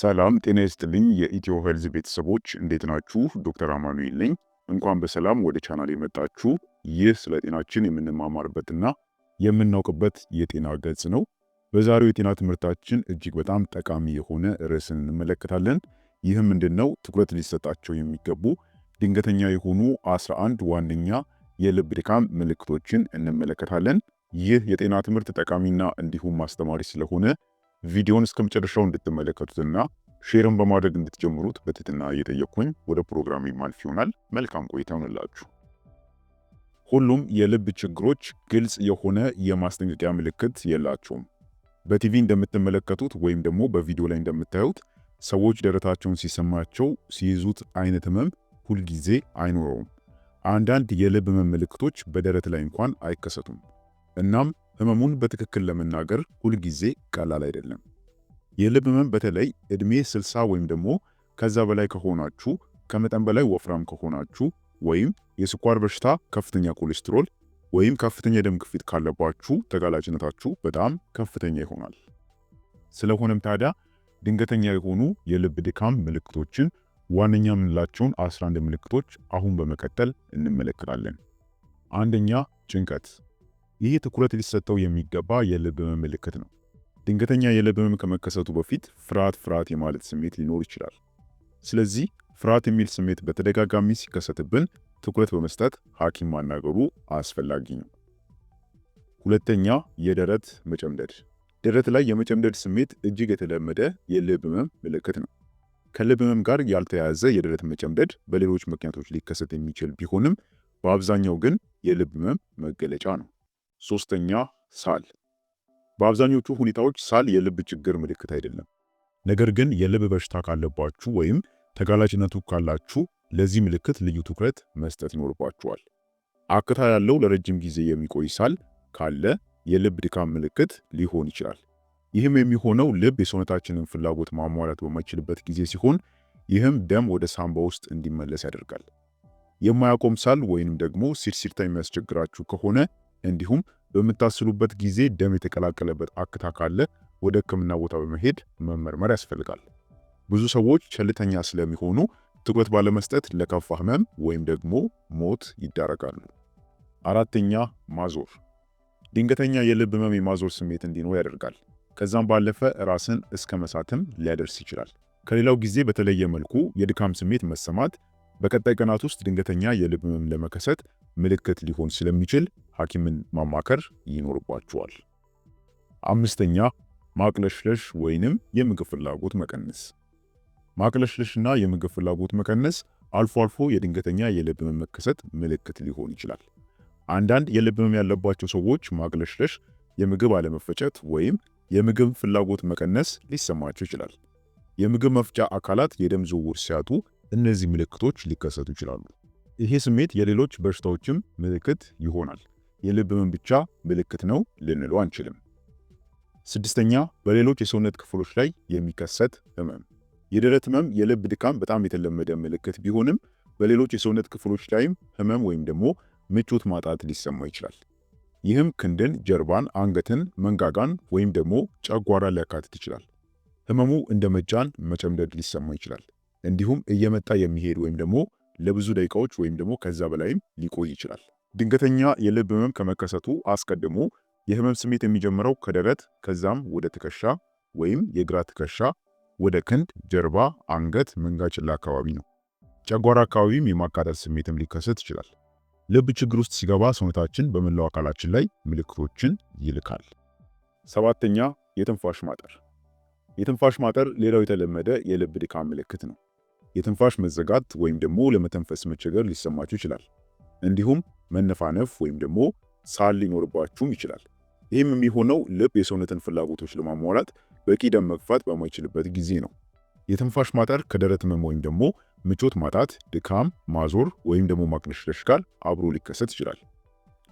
ሰላም ጤና ይስጥልኝ የኢትዮ ሄልዝ ቤተሰቦች እንዴት ናችሁ? ዶክተር አማኑኤል ነኝ። እንኳን በሰላም ወደ ቻናል የመጣችሁ። ይህ ስለ ጤናችን የምንማማርበትና የምናውቅበት የጤና ገጽ ነው። በዛሬው የጤና ትምህርታችን እጅግ በጣም ጠቃሚ የሆነ ርዕስን እንመለከታለን። ይህም ምንድን ነው? ትኩረት ሊሰጣቸው የሚገቡ ድንገተኛ የሆኑ 11 ዋነኛ የልብ ድካም ምልክቶችን እንመለከታለን። ይህ የጤና ትምህርት ጠቃሚና እንዲሁም አስተማሪ ስለሆነ ቪዲዮን እስከ መጨረሻው እንድትመለከቱትና ሼርን በማድረግ እንድትጀምሩት በትህትና እየጠየቅኩኝ ወደ ፕሮግራም ማልፍ ይሆናል። መልካም ቆይታ ይሆንላችሁ። ሁሉም የልብ ችግሮች ግልጽ የሆነ የማስጠንቀቂያ ምልክት የላቸውም። በቲቪ እንደምትመለከቱት ወይም ደግሞ በቪዲዮ ላይ እንደምታዩት ሰዎች ደረታቸውን ሲሰማቸው ሲይዙት አይነት ህመም ሁልጊዜ አይኖረውም። አንዳንድ የልብ ህመም ምልክቶች በደረት ላይ እንኳን አይከሰቱም። እናም ህመሙን በትክክል ለመናገር ሁልጊዜ ቀላል አይደለም። የልብ ህመም በተለይ እድሜ 60 ወይም ደግሞ ከዛ በላይ ከሆናችሁ፣ ከመጠን በላይ ወፍራም ከሆናችሁ፣ ወይም የስኳር በሽታ፣ ከፍተኛ ኮሌስትሮል ወይም ከፍተኛ የደም ግፊት ካለባችሁ ተጋላጭነታችሁ በጣም ከፍተኛ ይሆናል። ስለሆነም ታዲያ ድንገተኛ የሆኑ የልብ ድካም ምልክቶችን ዋነኛ የምንላቸውን 11 ምልክቶች አሁን በመቀጠል እንመለከታለን። አንደኛ ጭንቀት ይህ ትኩረት ሊሰጠው የሚገባ የልብ ህመም ምልክት ነው። ድንገተኛ የልብ ህመም ከመከሰቱ በፊት ፍርሃት ፍርሃት የማለት ስሜት ሊኖር ይችላል። ስለዚህ ፍርሃት የሚል ስሜት በተደጋጋሚ ሲከሰትብን ትኩረት በመስጠት ሐኪም ማናገሩ አስፈላጊ ነው። ሁለተኛ፣ የደረት መጨምደድ። ደረት ላይ የመጨምደድ ስሜት እጅግ የተለመደ የልብ ህመም ምልክት ነው። ከልብ ህመም ጋር ያልተያያዘ የደረት መጨምደድ በሌሎች ምክንያቶች ሊከሰት የሚችል ቢሆንም በአብዛኛው ግን የልብ ህመም መገለጫ ነው። ሶስተኛ ሳል። በአብዛኞቹ ሁኔታዎች ሳል የልብ ችግር ምልክት አይደለም። ነገር ግን የልብ በሽታ ካለባችሁ ወይም ተጋላጭነቱ ካላችሁ ለዚህ ምልክት ልዩ ትኩረት መስጠት ይኖርባችኋል። አክታ ያለው ለረጅም ጊዜ የሚቆይ ሳል ካለ የልብ ድካም ምልክት ሊሆን ይችላል። ይህም የሚሆነው ልብ የሰውነታችንን ፍላጎት ማሟላት በማይችልበት ጊዜ ሲሆን ይህም ደም ወደ ሳንባ ውስጥ እንዲመለስ ያደርጋል። የማያቆም ሳል ወይንም ደግሞ ሲርሲርታ የሚያስቸግራችሁ ከሆነ እንዲሁም በምታስሉበት ጊዜ ደም የተቀላቀለበት አክታ ካለ ወደ ህክምና ቦታ በመሄድ መመርመር ያስፈልጋል። ብዙ ሰዎች ቸልተኛ ስለሚሆኑ ትኩረት ባለመስጠት ለከፋ ህመም ወይም ደግሞ ሞት ይዳረጋሉ። አራተኛ ማዞር፣ ድንገተኛ የልብ ህመም የማዞር ስሜት እንዲኖር ያደርጋል። ከዛም ባለፈ ራስን እስከ መሳትም ሊያደርስ ይችላል። ከሌላው ጊዜ በተለየ መልኩ የድካም ስሜት መሰማት በቀጣይ ቀናት ውስጥ ድንገተኛ የልብ ህመም ለመከሰት ምልክት ሊሆን ስለሚችል ሐኪምን ማማከር ይኖርባችኋል። አምስተኛ ማቅለሽለሽ ወይንም የምግብ ፍላጎት መቀነስ። ማቅለሽለሽና የምግብ ፍላጎት መቀነስ አልፎ አልፎ የድንገተኛ የልብ ህመም መከሰት ምልክት ሊሆን ይችላል። አንዳንድ የልብ ህመም ያለባቸው ሰዎች ማቅለሽለሽ፣ የምግብ አለመፈጨት ወይም የምግብ ፍላጎት መቀነስ ሊሰማቸው ይችላል። የምግብ መፍጫ አካላት የደም ዝውውር ሲያጡ እነዚህ ምልክቶች ሊከሰቱ ይችላሉ። ይሄ ስሜት የሌሎች በሽታዎችም ምልክት ይሆናል። የልብ ህመም ብቻ ምልክት ነው ልንለው አንችልም። ስድስተኛ በሌሎች የሰውነት ክፍሎች ላይ የሚከሰት ህመም። የደረት ህመም የልብ ድካም በጣም የተለመደ ምልክት ቢሆንም በሌሎች የሰውነት ክፍሎች ላይም ህመም ወይም ደግሞ ምቾት ማጣት ሊሰማ ይችላል። ይህም ክንድን፣ ጀርባን፣ አንገትን፣ መንጋጋን ወይም ደግሞ ጨጓራ ሊያካትት ይችላል። ህመሙ እንደ መጫን፣ መጨምደድ ሊሰማ ይችላል። እንዲሁም እየመጣ የሚሄድ ወይም ደግሞ ለብዙ ደቂቃዎች ወይም ደግሞ ከዛ በላይም ሊቆይ ይችላል። ድንገተኛ የልብ ህመም ከመከሰቱ አስቀድሞ የህመም ስሜት የሚጀምረው ከደረት ከዛም ወደ ትከሻ ወይም የግራ ትከሻ ወደ ክንድ፣ ጀርባ፣ አንገት፣ መንጋጭላ አካባቢ ነው። ጨጓራ አካባቢም የማቃጠል ስሜትም ሊከሰት ይችላል። ልብ ችግር ውስጥ ሲገባ ሰውነታችን በመላው አካላችን ላይ ምልክቶችን ይልካል። ሰባተኛ የትንፋሽ ማጠር። የትንፋሽ ማጠር ሌላው የተለመደ የልብ ድካም ምልክት ነው። የትንፋሽ መዘጋት ወይም ደግሞ ለመተንፈስ መቸገር ሊሰማችሁ ይችላል። እንዲሁም መነፋነፍ ወይም ደግሞ ሳል ሊኖርባችሁም ይችላል። ይህም የሚሆነው ልብ የሰውነትን ፍላጎቶች ለማሟላት በቂ ደም መግፋት በማይችልበት ጊዜ ነው። የትንፋሽ ማጠር ከደረት ህመም ወይም ደግሞ ምቾት ማጣት፣ ድካም፣ ማዞር ወይም ደግሞ ማቅለሽለሽ ጋር አብሮ ሊከሰት ይችላል።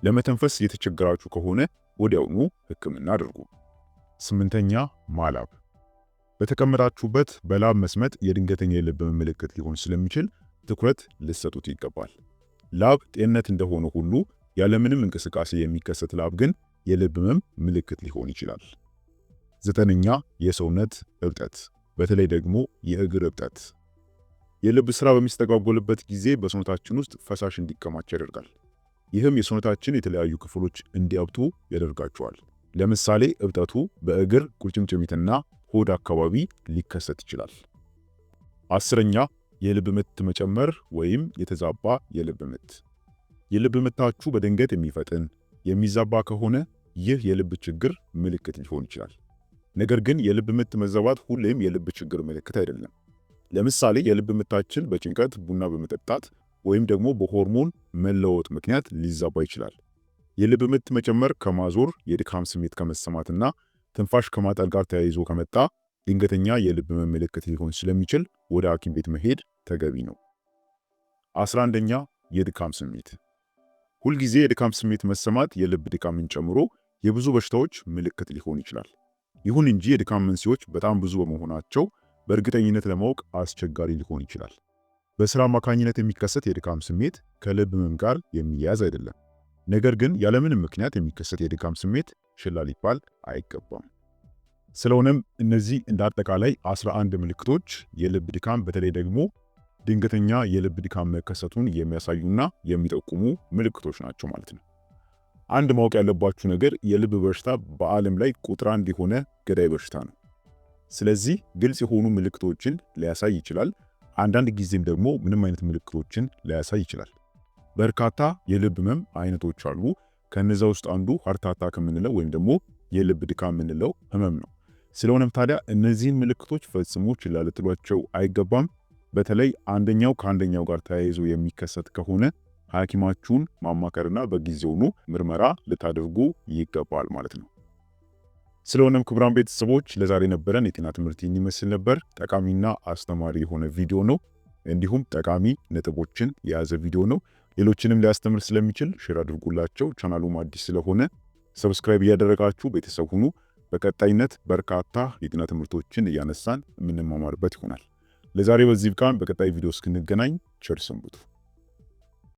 ለመተንፈስ የተቸገራችሁ ከሆነ ወዲያውኑ ህክምና አድርጉ። ስምንተኛ ማላብ። በተቀመጣችሁበት በላብ መስመጥ የድንገተኛ የልብ ምልክት ሊሆን ስለሚችል ትኩረት ልትሰጡት ይገባል። ላብ ጤንነት እንደሆነ ሁሉ ያለምንም እንቅስቃሴ የሚከሰት ላብ ግን የልብ ህመም ምልክት ሊሆን ይችላል። ዘጠነኛ የሰውነት እብጠት፣ በተለይ ደግሞ የእግር እብጠት የልብ ስራ በሚስተጓጎልበት ጊዜ በሰውነታችን ውስጥ ፈሳሽ እንዲከማች ያደርጋል። ይህም የሰውነታችን የተለያዩ ክፍሎች እንዲያብጡ ያደርጋቸዋል። ለምሳሌ እብጠቱ በእግር ቁርጭምጭሚትና ሆድ አካባቢ ሊከሰት ይችላል። አስረኛ የልብ ምት መጨመር ወይም የተዛባ የልብ ምት። የልብ ምታችሁ በድንገት የሚፈጥን የሚዛባ ከሆነ ይህ የልብ ችግር ምልክት ሊሆን ይችላል። ነገር ግን የልብ ምት መዛባት ሁሌም የልብ ችግር ምልክት አይደለም። ለምሳሌ የልብ ምታችን በጭንቀት፣ ቡና በመጠጣት ወይም ደግሞ በሆርሞን መለወጥ ምክንያት ሊዛባ ይችላል። የልብ ምት መጨመር ከማዞር፣ የድካም ስሜት ከመሰማትና ትንፋሽ ከማጠር ጋር ተያይዞ ከመጣ ድንገተኛ የልብ ህመም ምልክት ሊሆን ስለሚችል ወደ ሐኪም ቤት መሄድ ተገቢ ነው። አስራ አንደኛ የድካም ስሜት። ሁልጊዜ የድካም ስሜት መሰማት የልብ ድካምን ጨምሮ የብዙ በሽታዎች ምልክት ሊሆን ይችላል። ይሁን እንጂ የድካም መንስኤዎች በጣም ብዙ በመሆናቸው በእርግጠኝነት ለማወቅ አስቸጋሪ ሊሆን ይችላል። በስራ አማካኝነት የሚከሰት የድካም ስሜት ከልብ ህመም ጋር የሚያያዝ አይደለም። ነገር ግን ያለምንም ምክንያት የሚከሰት የድካም ስሜት ችላ ሊባል አይገባም። ስለሆነም እነዚህ እንደ አጠቃላይ 11 ምልክቶች የልብ ድካም በተለይ ደግሞ ድንገተኛ የልብ ድካም መከሰቱን የሚያሳዩና የሚጠቁሙ ምልክቶች ናቸው ማለት ነው። አንድ ማወቅ ያለባችሁ ነገር የልብ በሽታ በዓለም ላይ ቁጥር አንድ የሆነ ገዳይ በሽታ ነው። ስለዚህ ግልጽ የሆኑ ምልክቶችን ሊያሳይ ይችላል። አንዳንድ ጊዜም ደግሞ ምንም አይነት ምልክቶችን ሊያሳይ ይችላል። በርካታ የልብ ህመም አይነቶች አሉ። ከነዛ ውስጥ አንዱ ሀርታታ ከምንለው ወይም ደግሞ የልብ ድካም የምንለው ህመም ነው። ስለሆነም ታዲያ እነዚህን ምልክቶች ፈጽሞ ችላ ልትሏቸው አይገባም። በተለይ አንደኛው ከአንደኛው ጋር ተያይዞ የሚከሰት ከሆነ ሐኪማችሁን ማማከርና በጊዜውኑ ምርመራ ልታደርጉ ይገባል ማለት ነው። ስለሆነም ክቡራን ቤተሰቦች ለዛሬ ነበረን የጤና ትምህርት የሚመስል ነበር። ጠቃሚና አስተማሪ የሆነ ቪዲዮ ነው። እንዲሁም ጠቃሚ ነጥቦችን የያዘ ቪዲዮ ነው። ሌሎችንም ሊያስተምር ስለሚችል ሼር አድርጉላቸው። ቻናሉም አዲስ ስለሆነ ሰብስክራይብ እያደረጋችሁ ቤተሰብ ሁኑ። በቀጣይነት በርካታ የጤና ትምህርቶችን እያነሳን የምንማማርበት ይሆናል። ለዛሬ በዚህ ብቃን። በቀጣይ ቪዲዮ እስክንገናኝ ቸር ሰንብቱ።